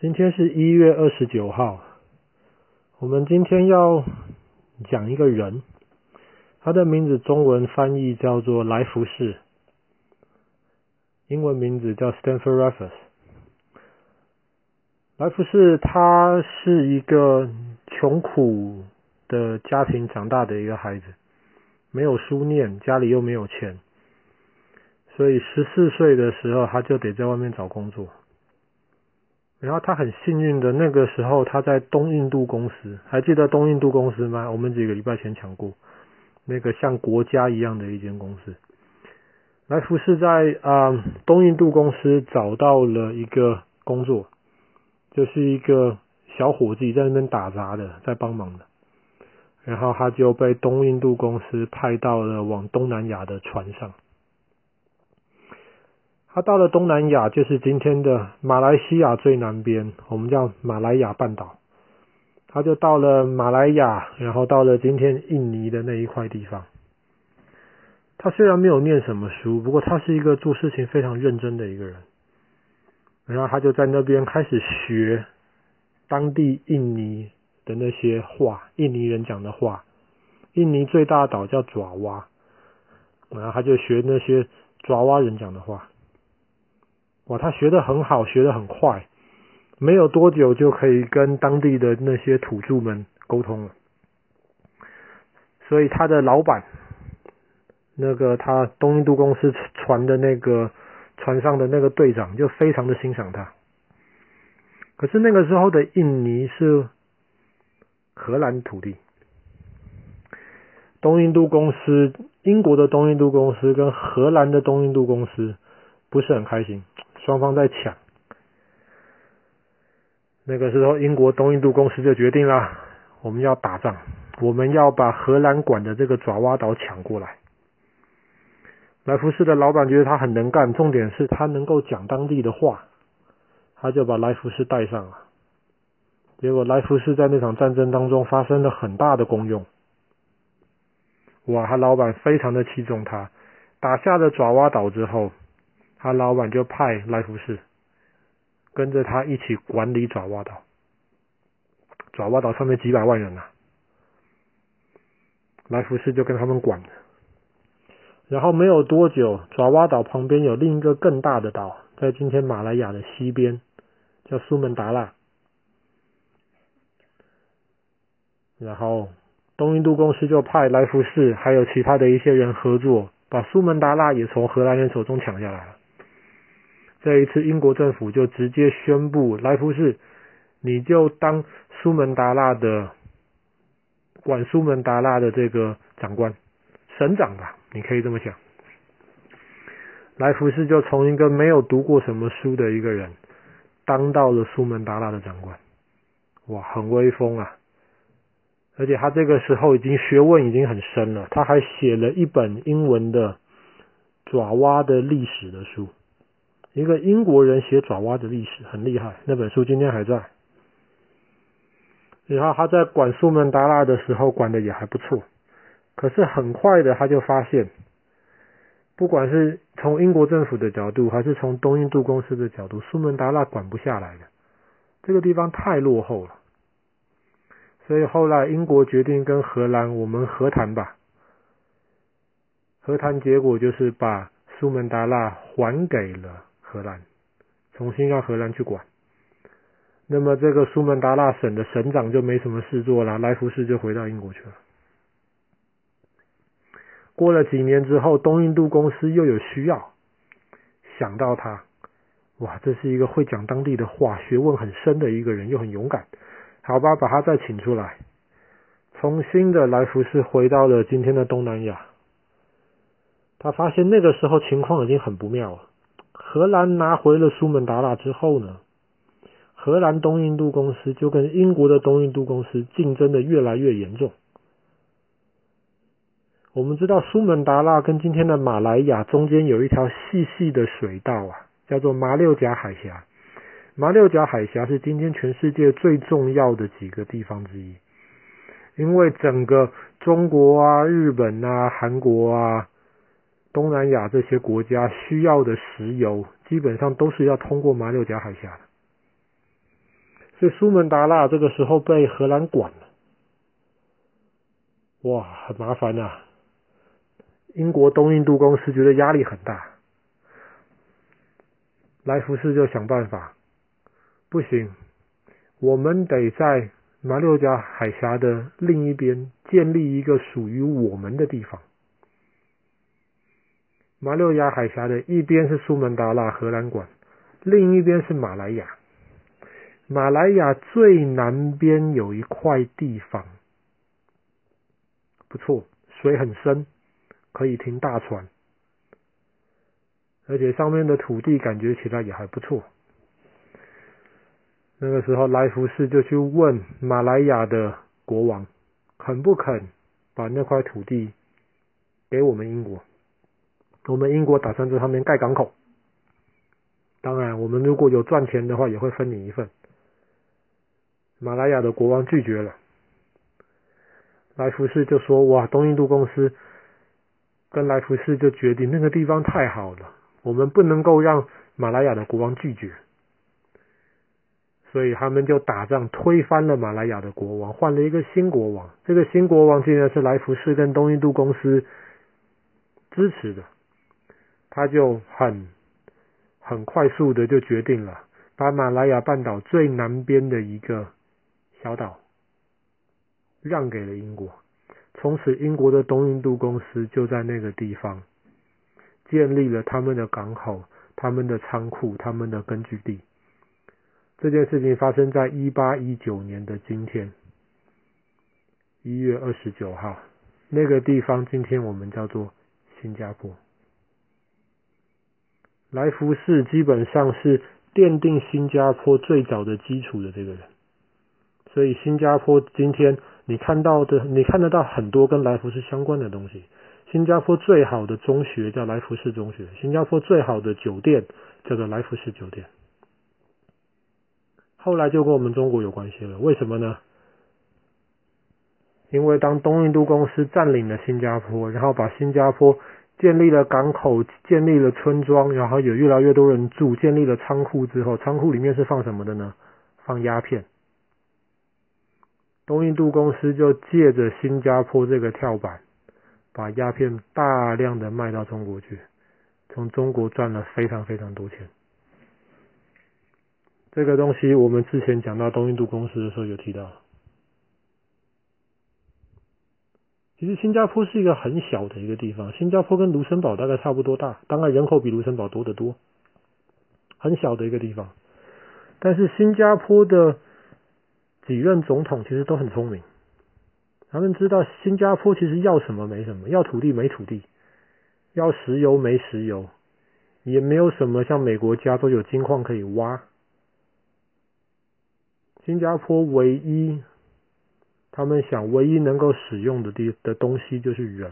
今天是一月二十九號。我們今天要講一個人，他的名字中文翻譯叫做萊福士，英文名字叫 Stanford Raffles。萊福士他是一個窮苦的家庭長大的一個孩子，沒有書念，家裡又沒有錢，所以十四歲的時候他就得在外面找工作。然後他很幸運的，那個時候他在東印度公司，還記得東印度公司嗎？我們幾個禮拜前講過，那個像國家一樣的一間公司。萊福士在啊、呃、東印度公司找到了一個工作，就是一個小夥計在那邊打雜的，在幫忙的。然後他就被東印度公司派到了往東南亞的船上。他到了東南亞，就是今天的馬來西亞最南邊，我們叫馬來亞半島。他就到了馬來亞，然後到了今天印尼的那一塊地方。他雖然沒有念什麼書，不過他是一個做事情非常認真的一個人。然後他就在那邊開始學當地印尼的那些話，印尼人講的話。印尼最大的島叫爪哇，然後他就學那些爪哇人講的話。哇，他學的很好，學的很快，沒有多久就可以跟當地的那些土著們溝通了。所以他的老闆，那個他東印度公司船的那個船上的那個隊長，就非常的欣賞他。可是那個時候的印尼是荷蘭土地。東印度公司、英國的東印度公司跟荷蘭的東印度公司不是很開心。雙方在搶。那個時候，英國東印度公司就決定了，我們要打仗，我們要把荷蘭管的這個爪哇島搶過來。萊福士的老闆覺得他很能幹，重點是他能夠講當地的話，他就把萊福士帶上了。結果，萊福士在那場戰爭當中發生了很大的功用。哇，他老闆非常的器重他。打下了爪哇島之後。他老闆就派萊福士跟着他一起管理爪哇島。爪哇島上面幾百萬人啊，萊福士就跟他們管。然後沒有多久，爪哇島旁邊有另一個更大的島，在今天馬來亞的西邊，叫蘇門答臘。然後東印度公司就派萊福士還有其他的一些人合作，把蘇門答臘也從荷蘭人手中搶下來了。這一次，英國政府就直接宣布，萊福士，你就當蘇門答臘的管蘇門答臘的這個長官、省長吧，你可以這麼想。萊福士就從一個沒有讀過什麼書的一個人，當到了蘇門答臘的長官，哇，很威風啊！而且他這個時候已經學問已經很深了，他還寫了一本英文的爪哇的歷史的書。一個英國人寫爪哇的歷史，很厲害，那本書今天還在。然後他在管蘇門答臘的時候，管的也還不錯，可是很快的他就發現，不管是從英國政府的角度，還是從東印度公司的角度，蘇門答臘管不下來的，這個地方太落後了。所以後來英國決定跟荷蘭，我們和談吧，和談結果就是把蘇門答臘還給了。荷蘭重新讓荷蘭去管，那麼這個蘇門答臘省的省長就沒什麼事做了，萊福士就回到英國去了。過了幾年之後，東印度公司又有需要，想到他，哇，這是一個會講當地的話、學問很深的一個人，又很勇敢。好吧，把他再請出來，重新的萊福士回到了今天的東南亞。他發現那個時候情況已經很不妙了。荷蘭拿回了蘇門答臘之後呢，荷蘭東印度公司就跟英國的東印度公司競爭得越來越嚴重。我們知道蘇門答臘跟今天的馬來亞中間有一條細細的水道啊，叫做馬六甲海峽。馬六甲海峽是今天全世界最重要的幾個地方之一，因為整個中國啊、日本啊、韓國啊。東南亞這些國家需要的石油，基本上都是要通過馬六甲海峽的，所以蘇門答臘這個時候被荷蘭管了，哇，很麻煩呐、啊！英國東印度公司覺得壓力很大，來福士就想辦法，不行，我們得在馬六甲海峽的另一邊建立一個屬於我們的地方。馬六甲海峽的一邊是蘇門答臘荷蘭管，另一邊是馬來亞。馬來亞最南邊有一塊地方，不錯，水很深，可以停大船，而且上面的土地感覺起來也還不錯。那個時候，萊福士就去問馬來亞的國王，肯不肯把那塊土地給我們英國。我們英國打算在上面蓋港口。當然，我們如果有賺錢的話，也會分你一份。馬來亞的國王拒絕了，萊福士就說：“哇，東印度公司跟萊福士就決定那個地方太好了，我們不能夠讓馬來亞的國王拒絕。”所以他們就打仗推翻了馬來亞的國王，換了一個新國王。這個新國王竟然是萊福士跟東印度公司支持的。他就很很快速的就決定了，把馬來亞半島最南邊的一個小島，讓給了英國。從此，英國的東印度公司就在那個地方建立了他們的港口、他們的倉庫、他們的根據地。這件事情發生在一八一九年的今天，一月二十九號。那個地方，今天我們叫做新加坡。萊福士基本上是奠定新加坡最早的基礎的這個人，所以新加坡今天你看到的，你看得到很多跟萊福士相關的東西。新加坡最好的中學叫萊福士中學，新加坡最好的酒店叫做萊福士酒店。後來就跟我們中國有關係了，為什麼呢？因為當東印度公司佔領了新加坡，然後把新加坡。建立了港口，建立了村莊，然後有越來越多人住。建立了倉庫之後，倉庫裡面是放什麼的呢？放鴉片。東印度公司就借着新加坡這個跳板，把鴉片大量的賣到中國去，從中國賺了非常非常多錢。這個東西我們之前講到東印度公司的時候有提到。其實新加坡是一個很小的一個地方，新加坡跟盧森堡大概差不多大，當然人口比盧森堡多得多。很小的一個地方，但是新加坡的幾任總統其實都很聰明，他們知道新加坡其實要什麼沒什麼，要土地沒土地，要石油沒石油，也沒有什麼像美國加州有金礦可以挖。新加坡唯一。他們想，唯一能夠使用的的的東西就是人。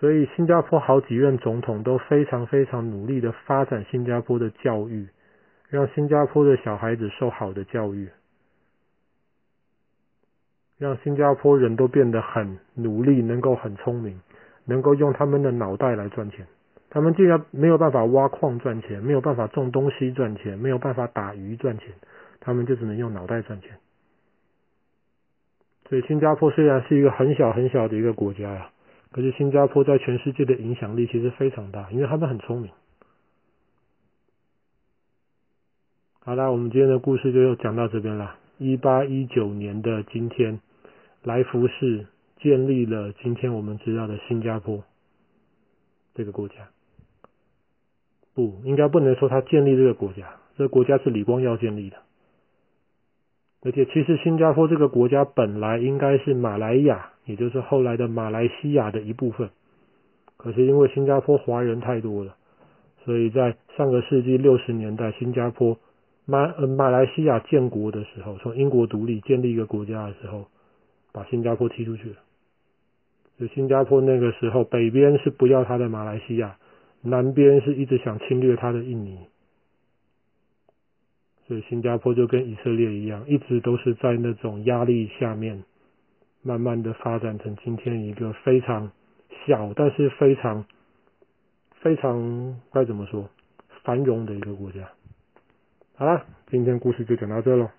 所以，新加坡好幾任總統都非常非常努力的發展新加坡的教育，讓新加坡的小孩子受好的教育，讓新加坡人都變得很努力，能夠很聰明，能夠用他們的腦袋來賺錢。他們既然沒有辦法挖礦賺錢，沒有辦法種東西賺錢，沒有辦法打魚賺錢，他們就只能用腦袋賺錢。對，新加坡雖然是一個很小很小的一個國家呀，可是新加坡在全世界的影響力其實非常大，因為他們很聰明。好啦，我們今天的故事就又講到這邊了。一八一九年的今天，萊福士建立了今天我們知道的新加坡這個國家。不，應該不能說他建立這個國家，這個國家是李光耀建立的。而且，其實新加坡這個國家本來應該是馬來亞，也就是後來的馬來西亞的一部分。可是因為新加坡華人太多了，所以在上個世紀六十年代，新加坡馬馬來西亞建國的時候，從英國獨立建立一個國家的時候，把新加坡踢出去了。就新加坡那個時候，北邊是不要他的馬來西亞，南邊是一直想侵略他的印尼。所以新加坡就跟以色列一樣，一直都是在那種壓力下面，慢慢的發展成今天一個非常小但是非常非常該怎麼說繁榮的一個國家。好了，今天故事就講到這了。